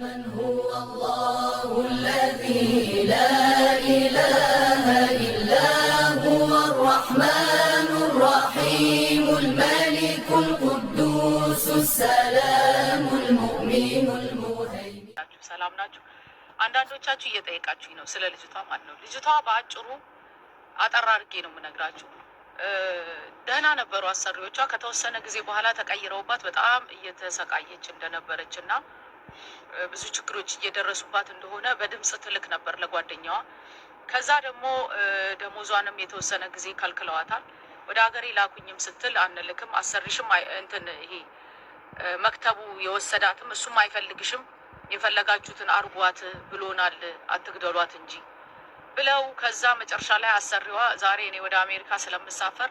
من هو الله الذي لا إله إلا هو الرحمن الرحيم الملك القدوس السلام المؤمن المهيمن አንዳንዶቻችሁ እየጠየቃችሁኝ ነው ስለ ልጅቷ ማለት ነው። ልጅቷ በአጭሩ አጠር አድርጌ ነው የምነግራችሁ። ደህና ነበሩ አሰሪዎቿ። ከተወሰነ ጊዜ በኋላ ተቀይረውባት በጣም እየተሰቃየች እንደነበረች እና ብዙ ችግሮች እየደረሱባት እንደሆነ በድምፅ ትልክ ነበር ለጓደኛዋ። ከዛ ደግሞ ደሞዟንም የተወሰነ ጊዜ ከልክለዋታል። ወደ ሀገሬ ላኩኝም ስትል አንልክም፣ አሰርሽም እንትን ይሄ መክተቡ የወሰዳትም እሱም አይፈልግሽም፣ የፈለጋችሁትን አርጓት ብሎናል፣ አትግደሏት እንጂ ብለው ከዛ መጨረሻ ላይ አሰሪዋ ዛሬ እኔ ወደ አሜሪካ ስለምሳፈር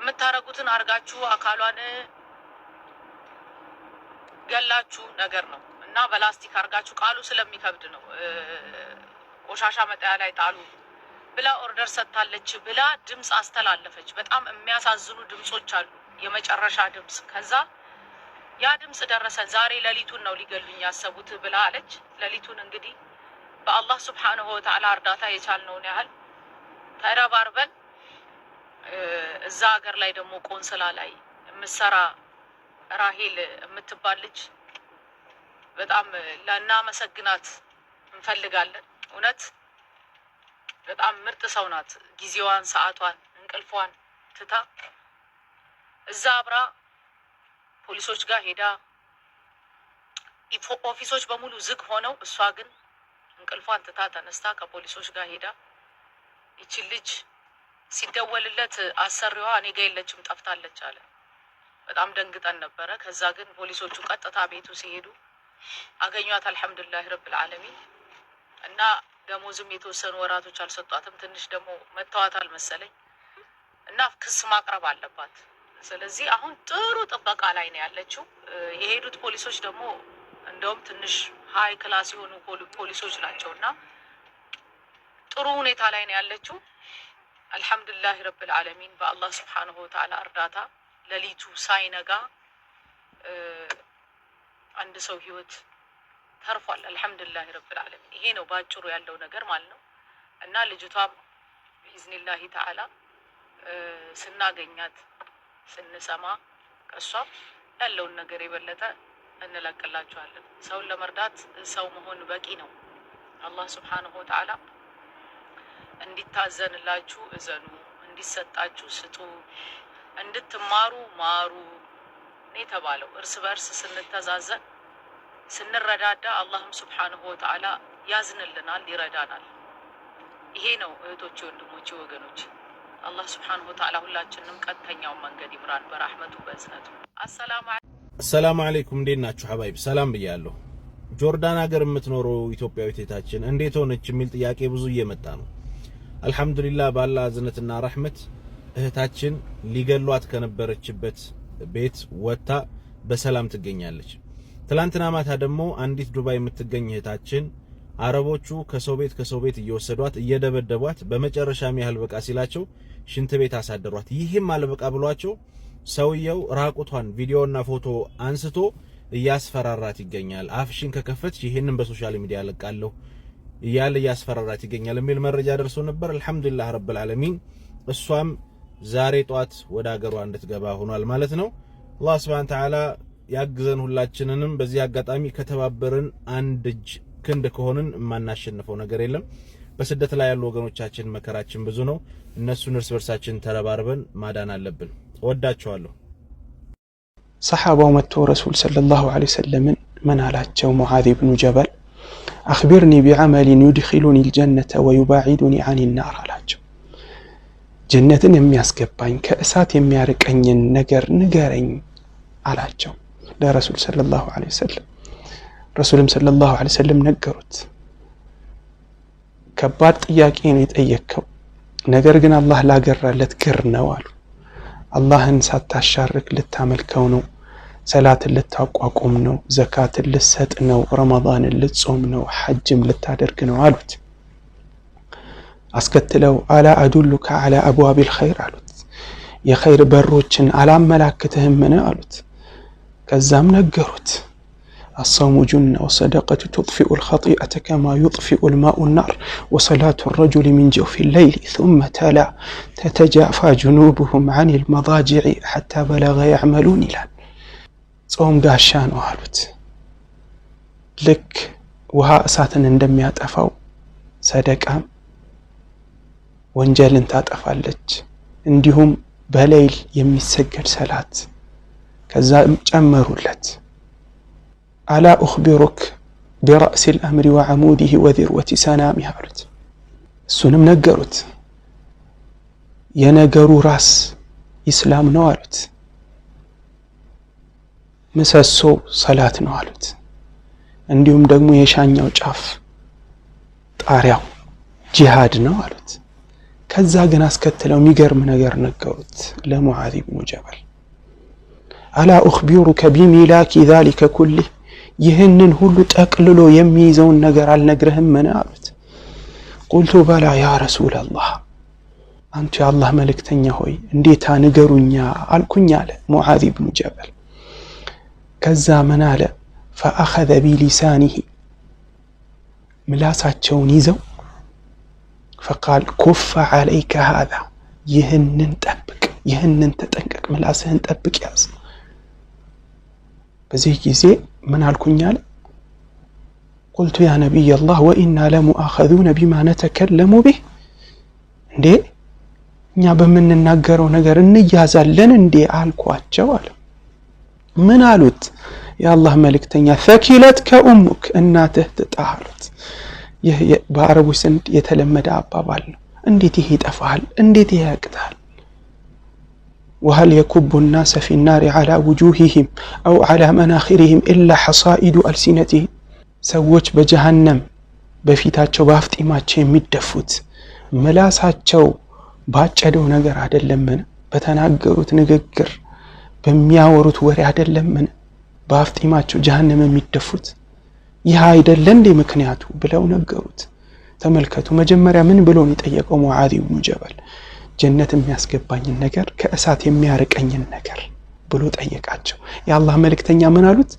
የምታረጉትን አርጋችሁ አካሏን የሚገላችሁ ነገር ነው እና በላስቲክ አድርጋችሁ ቃሉ ስለሚከብድ ነው ቆሻሻ መጣያ ላይ ጣሉ ብላ ኦርደር ሰጥታለች ብላ ድምፅ አስተላለፈች። በጣም የሚያሳዝኑ ድምፆች አሉ። የመጨረሻ ድምፅ ከዛ ያ ድምፅ ደረሰን። ዛሬ ሌሊቱን ነው ሊገሉኝ ያሰቡት ብላ አለች። ሌሊቱን እንግዲህ በአላህ ስብሓንሁ ወተዓላ እርዳታ የቻልነውን ያህል ተረባርበን እዛ ሀገር ላይ ደግሞ ቆንስላ ላይ የምሰራ ራሄል የምትባል ልጅ በጣም ልናመሰግናት እንፈልጋለን። እውነት በጣም ምርጥ ሰው ናት። ጊዜዋን፣ ሰዓቷን፣ እንቅልፏን ትታ እዛ አብራ ፖሊሶች ጋር ሄዳ ኦፊሶች በሙሉ ዝግ ሆነው እሷ ግን እንቅልፏን ትታ ተነስታ ከፖሊሶች ጋር ሄዳ ይችን ልጅ ሲደወልለት አሰሪዋ እኔ ጋ የለችም ጠፍታለች አለ። በጣም ደንግጠን ነበረ። ከዛ ግን ፖሊሶቹ ቀጥታ ቤቱ ሲሄዱ አገኟት። አልሐምዱላህ ረብል ዓለሚን እና ደሞዝም የተወሰኑ ወራቶች አልሰጧትም። ትንሽ ደግሞ መተዋታል መሰለኝ እና ክስ ማቅረብ አለባት። ስለዚህ አሁን ጥሩ ጥበቃ ላይ ነው ያለችው። የሄዱት ፖሊሶች ደግሞ እንደውም ትንሽ ሀይ ክላስ የሆኑ ፖሊሶች ናቸው እና ጥሩ ሁኔታ ላይ ነው ያለችው። አልሐምዱላህ ረብል ዓለሚን በአላህ ስብሓንሁ ወተዓላ እርዳታ ሌሊቱ ሳይነጋ አንድ ሰው ህይወት ተርፏል። አልሐምዱሊላህ ረብል ዓለሚን። ይሄ ነው በአጭሩ ያለው ነገር ማለት ነው። እና ልጅቷ ብኢዝኒላሂ ተዓላ ስናገኛት ስንሰማ ከእሷ ያለውን ነገር የበለጠ እንለቅላችኋለን። ሰውን ለመርዳት ሰው መሆን በቂ ነው። አላህ ስብሓንሁ ወተዓላ እንዲታዘንላችሁ እዘኑ፣ እንዲሰጣችሁ ስጡ እንድትማሩ ማሩ የተባለው እርስ በእርስ ስንተዛዘን ስንረዳዳ አላህም ስብሓንሁ ወተዓላ ያዝንልናል፣ ይረዳናል። ይሄ ነው እህቶቼ፣ ወንድሞቼ፣ ወገኖች አላህ ስብሓንሁ ወተዓላ ሁላችንም ቀጥተኛውን መንገድ ይምራን በራህመቱ በእዝነቱ። አሰላሙ አለይኩም እንዴት ናችሁ ሀባይብ? ሰላም ብያለሁ። ጆርዳን ሀገር የምትኖረው ኢትዮጵያዊት እህታችን እንዴት ሆነች የሚል ጥያቄ ብዙ እየመጣ ነው። አልሐምዱሊላህ ባላ እዝነትና ራህመት እህታችን ሊገሏት ከነበረችበት ቤት ወጥታ በሰላም ትገኛለች። ትላንትና ማታ ደግሞ አንዲት ዱባይ የምትገኝ እህታችን አረቦቹ ከሰው ቤት ከሰው ቤት እየወሰዷት እየደበደቧት፣ በመጨረሻም ያህል በቃ ሲላቸው ሽንት ቤት አሳደሯት። ይህም አልበቃ ብሏቸው ሰውየው ራቁቷን ቪዲዮና ፎቶ አንስቶ እያስፈራራት ይገኛል። አፍሽን ከከፈትሽ ይህንን በሶሻል ሚዲያ ለቃለሁ እያለ እያስፈራራት ይገኛል የሚል መረጃ ደርሶ ነበር። አልሐምዱሊላህ ረብል ዓለሚን እሷም ዛሬ ጧት ወደ አገሯ እንድትገባ ሆኗል ማለት ነው። አላህ ስብሐነ ተዓላ ያግዘን። ሁላችንንም በዚህ አጋጣሚ ከተባበርን አንድ እጅ ክንድ ከሆንን የማናሸንፈው ነገር የለም። በስደት ላይ ያሉ ወገኖቻችን መከራችን ብዙ ነው። እነሱን እርስ በርሳችን ተረባርበን ማዳን አለብን። እወዳቸዋለሁ። ሰሓባው መጥቶ ረሱል ሰለላሁ ዐለይሂ ወሰለምን ምን አላቸው? ሙዓዝ ብኑ ጀበል አኽቢርኒ ቢዐመሊን ዩድኺሉኒ ልጀነተ ወዩባዒዱኒ ዐኒ ናር አላቸው። ጀነትን የሚያስገባኝ ከእሳት የሚያርቀኝን ነገር ንገረኝ አላቸው ለረሱል ሰለላሁ ዐለይሂ ወሰለም። ረሱልም ሰለላሁ ዐለይሂ ወሰለም ነገሩት። ከባድ ጥያቄ ነው የጠየከው ነገር ግን አላህ ላገራለት ግር ነው አሉ። አላህን ሳታሻርክ ልታመልከው ነው፣ ሰላትን ልታቋቁም ነው፣ ዘካትን ልትሰጥ ነው፣ ረመዳንን ልትጾም ነው፣ ሐጅም ልታደርግ ነው አሉት። አስከትለው አላ አዱሉካ አላ አብዋቢል ኸይር አሉት። የኸይር በሮችን አላመላክትህምን አሉት። ከዛም ነገሩት። አሰሙ ጁና ወሰደቀቱ ቱጥፊኡ ልኸጢአተ ከማ ዩጥፊኡ ልማኡ ናር ወሰላቱ ረጁል ሚን ጀውፊ ለይሊ ثመ ተላ ተተጃፋ ጅኑብሁም አን ልመضጅዕ ሓታ በለገ ያዕመሉን ይላል። ጾም ጋሻ ነው አሉት። ልክ ውሃ እሳትን እንደሚያጠፋው ሰደቃም ወንጀልን ታጠፋለች። እንዲሁም በሌይል የሚሰገድ ሰላት ከዛ ጨመሩለት። አላ ኡኽቢሩክ ቢራእሲ ልአምሪ ወዐሙዲህ ወዚርወቲ ሰናሚህ አሉት። እሱንም ነገሩት። የነገሩ ራስ ኢስላም ነው አሉት። ምሰሶ ሰላት ነው አሉት። እንዲሁም ደግሞ የሻኛው ጫፍ ጣሪያው ጂሃድ ነው አሉት። ከዛ ግን አስከትለው የሚገርም ነገር ነገሩት ለሙዓዝ ብኑ ጀበል። አላ ኡኽቢሩከ ቢሚላኪ ዛሊከ ኩሊህ፣ ይህንን ሁሉ ጠቅልሎ የሚይዘውን ነገር አልነግርህምን አሉት። ቁልቱ በላ ያ ረሱል አንቱ የአላህ መልእክተኛ ሆይ እንዴታ ንገሩኛ አልኩኝ አለ ሙዓዝ ብኑ ጀበል። ከዛ ምን አለ ፈአኸዘ ቢሊሳኒሂ ምላሳቸውን ይዘው ፈቃል ኩፈ ዓለይከ ሃዛ ይህንን ጠብቅ፣ ይህንን ተጠንቀቅ፣ ምላስህን ጠብቅ ያዝ። በዚህ ጊዜ ምን አልኩኝ አለ ቁልቱ ያ ነቢይ አላህ ወኢና ለሙአኸዙነ ቢማ ነተከለሙ ቢህ እንዴ እኛ በምንናገረው ነገር እንያዛለን እንዴ አልኳቸው አለ ምን አሉት የአላህ መልእክተኛ ፈኪለት ከኡሙክ እናትህ ትጣህ አሉት ይህ በአረቦች ዘንድ የተለመደ አባባል ነው። እንዴት ይሄ ይጠፋሃል? እንዴት ይሄ ያቅታል? ወሀል የኩቡ ናሰ ፊ ናሪ ዓላ ውጁሂህም አው ዓላ መናኺሪህም ኢላ ሐሳኢዱ አልሲነቲህም ሰዎች በጀሃነም በፊታቸው በአፍጢማቸው የሚደፉት ምላሳቸው ባጨደው ነገር አይደለምን? በተናገሩት ንግግር በሚያወሩት ወሬ አይደለምን? በአፍጢማቸው ጀሃነም የሚደፉት ይህ አይደለ እንዴ ምክንያቱ ብለው ነገሩት። ተመልከቱ መጀመሪያ ምን ብሎ ነው የጠየቀው? ሙዓዝ ብኑ ጀበል ጀነት የሚያስገባኝን ነገር ከእሳት የሚያርቀኝን ነገር ብሎ ጠየቃቸው። የአላህ መልእክተኛ ምን አሉት?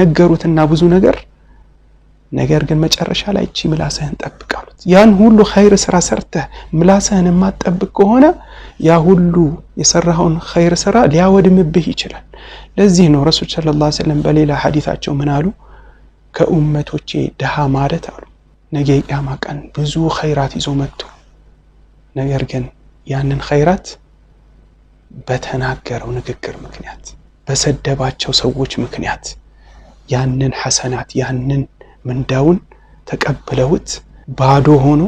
ነገሩትና ብዙ ነገር ነገር ግን መጨረሻ ላይ እቺ ምላስህን ጠብቅ አሉት። ያን ሁሉ ኸይር ስራ ሰርተህ ምላስህን የማትጠብቅ ከሆነ ያ ሁሉ የሰራኸውን ኸይር ስራ ሊያወድምብህ ይችላል። ለዚህ ነው ረሱል ሰለላሁ ዐለይሂ ወሰለም በሌላ ሐዲታቸው ምን አሉ? ከኡመቶቼ ድሃ ማለት አሉ ነገ የቅያማ ቀን ብዙ ኸይራት ይዞ መጥቶ ነገር ግን ያንን ኸይራት በተናገረው ንግግር ምክንያት በሰደባቸው ሰዎች ምክንያት ያንን ሐሰናት ያንን ምንዳውን ተቀብለውት ባዶ ሆኖ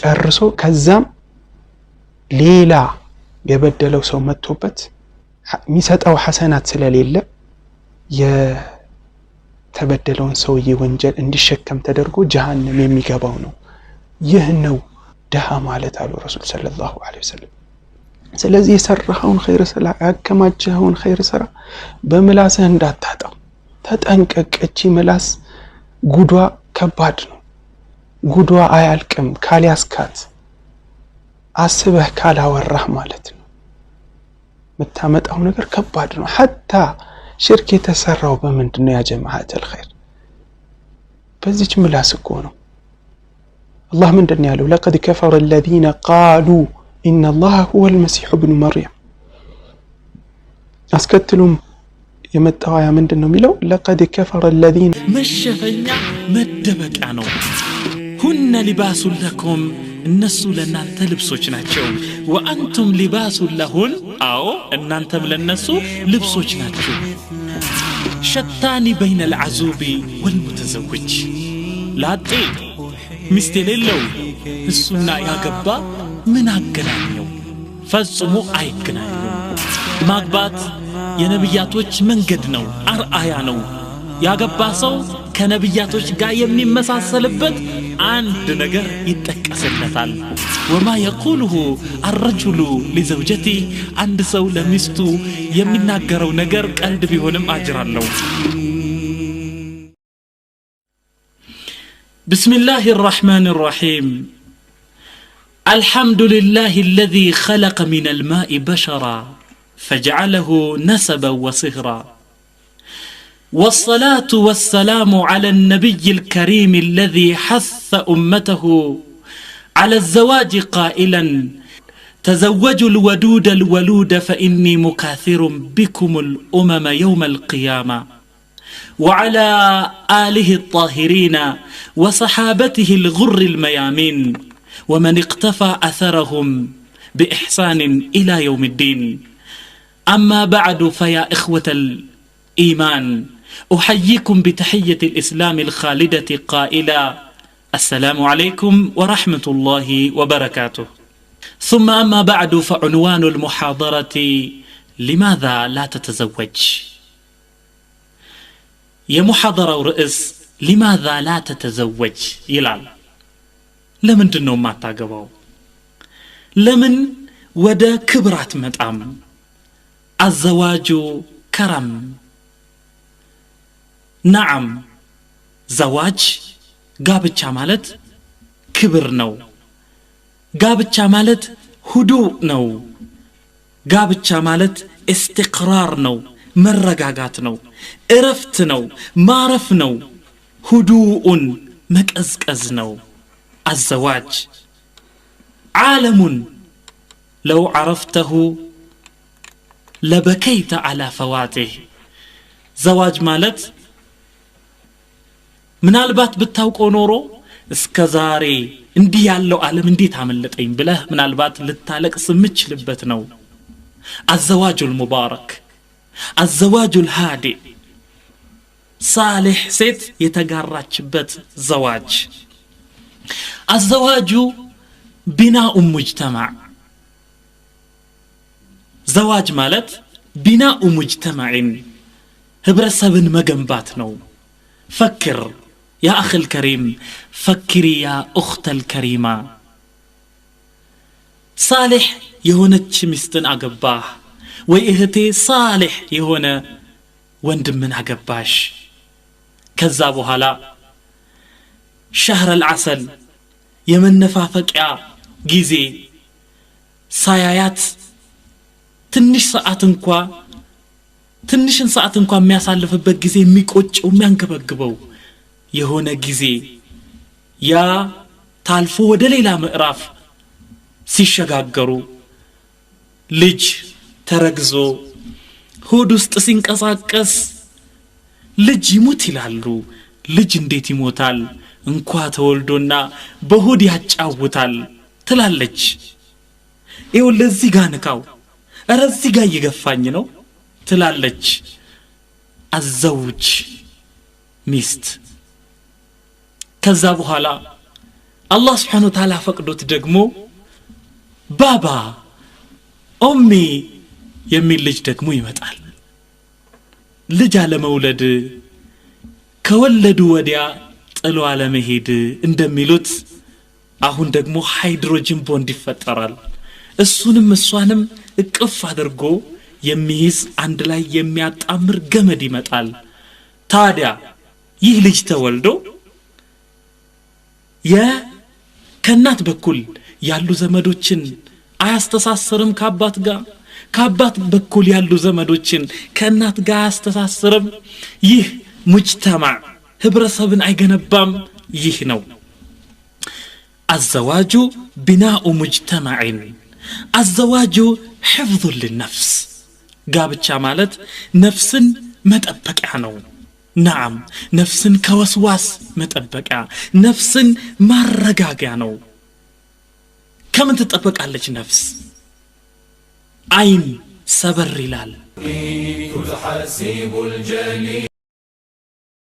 ጨርሶ ከዛም ሌላ የበደለው ሰው መጥቶበት የሚሰጠው ሐሰናት ስለሌለ የተበደለውን ሰውዬ ወንጀል እንዲሸከም ተደርጎ ጀሃነም የሚገባው ነው። ይህ ነው ድሃ ማለት አሉ ረሱል ሰለላሁ ዐለይሂ ወሰለም። ስለዚህ የሰራኸውን ኸይር ስራ፣ ያከማቸኸውን ኸይር ስራ በምላስህ እንዳታጣው ተጠንቀቅ። እቺ ምላስ ጉዷ ከባድ ነው። ጉዷ አያልቅም ካልያስካት፣ አስበህ ካላወራህ ማለት ነው። የምታመጣው ነገር ከባድ ነው። ሐታ ሽርክ የተሰራው በምንድን ነው? ያ ጀማዓተል በዚች ምላስ እኮ ነው። አላህ ምንድን ያለው? ለቀድ ከፈረ አለዚነ ቃሉ ኢነላሃ ሁወል መሲሑ ብኑ መርየም። አስከትሉም የመጣው አያ ምንድን ነው የሚለው? ለቀድ ከፈረ አለዚነ መሸፈኛ መደበቂያ ነው። ሁነ ሊባሱን ለኩም እነሱ ለእናንተ ልብሶች ናቸው። ወአንቱም ሊባሱ ለሁን፣ አዎ እናንተም ለእነሱ ልብሶች ናቸው ሸታኒ በይነ ልዓዙቢ ወልሙተዘውጅ ላጤ ሚስት የሌለው እሱና ያገባ ምን አገናኘው? ፈጽሞ አይገናኘው። ማግባት የነቢያቶች መንገድ ነው፣ አርአያ ነው። ያገባ ሰው ከነቢያቶች ጋር የሚመሳሰልበት አንድ ነገር ይጠቀስለታል። ወማ የቁሉሁ አረጁሉ ሊዘውጀቲ አንድ ሰው ለሚስቱ የሚናገረው ነገር ቀልድ ቢሆንም አጅራለሁ አለው። بسم الله الرحمن الرحيم الحمد لله الذي خلق من الماء بشرا فجعله نسبا وصهرا والصلاة والسلام على النبي الكريم الذي حث أمته على الزواج قائلا تزوجوا الودود الولود فإني مكاثر بكم الأمم يوم القيامة وعلى آله الطاهرين وصحابته الغر الميامين ومن اقتفى أثرهم بإحسان إلى يوم الدين أما بعد فيا إخوة الإيمان أحييكم بتحية الإسلام الخالدة قائلا السلام عليكم ورحمة الله وبركاته ثم أما بعد فعنوان المحاضرة لماذا لا تتزوج يا محاضرة ورئيس لماذا لا تتزوج يلال لمن دنو ما تاقبو لمن ودا كبرات مدعم الزواج كرم ናአም ዘዋጅ ጋብቻ ማለት ክብር ነው። ጋብቻ ማለት ሁዱእ ነው። ጋብቻ ማለት እስትቅራር ነው፣ መረጋጋት ነው፣ እረፍት ነው፣ ማረፍ ነው። ሁዱኡን መቀዝቀዝ ነው። አዘዋጅ ዓለሙን ለው ዓረፍተሁ ለበከይተ ዓላ ፈዋቴህ ዘዋጅ ማለት ምናልባት ብታውቀው ኖሮ እስከ ዛሬ እንዲህ ያለው ዓለም እንዴት አመለጠኝ ብለህ ምናልባት ልታለቅስ የምችልበት ነው። አዘዋጁል ሙባረክ አዘዋጁል ሃዴ ሳሌሕ ሴት የተጋራችበት ዘዋጅ አዘዋጁ ቢናኡ ሙጅተማዕ ዘዋጅ ማለት ቢናኡ ሙጅተማዕን ህብረተሰብን መገንባት ነው። ፈክር يا أخي الكريم فكري يا أخت الكريمة صالح የሆነች ሚስትን አገባህ ወይ እህቴ ሳሌሕ የሆነ ወንድምን አገባሽ ከዛ በኋላ ሸህረ ልዓሰል የመነፋፈቂያ ጊዜ ሳያያት ትንሽ ሰዓት እንኳ ትንሽን ሰዓት እንኳ የሚያሳልፍበት ጊዜ የሚቆጨው የሚያንገበግበው የሆነ ጊዜ ያ ታልፎ ወደ ሌላ ምዕራፍ ሲሸጋገሩ ልጅ ተረግዞ ሆድ ውስጥ ሲንቀሳቀስ ልጅ ይሙት ይላሉ። ልጅ እንዴት ይሞታል? እንኳ ተወልዶና በሆድ ያጫውታል ትላለች። ይው ለዚህ ጋ ንካው፣ እረ እዚህ ጋ እየገፋኝ ነው ትላለች። አዘውች ሚስት ከዛ በኋላ አላህ ስብሓን ታላ ፈቅዶት ደግሞ ባባ ኦሚ የሚል ልጅ ደግሞ ይመጣል ልጅ አለመውለድ ከወለዱ ወዲያ ጥሎ አለመሄድ እንደሚሉት አሁን ደግሞ ሃይድሮጅን ቦንድ ይፈጠራል እሱንም እሷንም እቅፍ አድርጎ የሚይዝ አንድ ላይ የሚያጣምር ገመድ ይመጣል ታዲያ ይህ ልጅ ተወልዶ ከእናት በኩል ያሉ ዘመዶችን አያስተሳስርም ከአባት ጋር ከአባት በኩል ያሉ ዘመዶችን ከእናት ጋር አያስተሳስርም ይህ ሙጅተማዕ ህብረሰብን አይገነባም ይህ ነው አዘዋጁ ቢናኡ ሙጅተማዕን አዘዋጁ ሕፍዙ ልነፍስ ጋብቻ ማለት ነፍስን መጠበቂያ ነው ናም ነፍስን ከወስዋስ መጠበቂያ ነፍስን ማረጋጊያ ነው ከምን ትጠበቃለች ነፍስ አይን ሰበር ይላል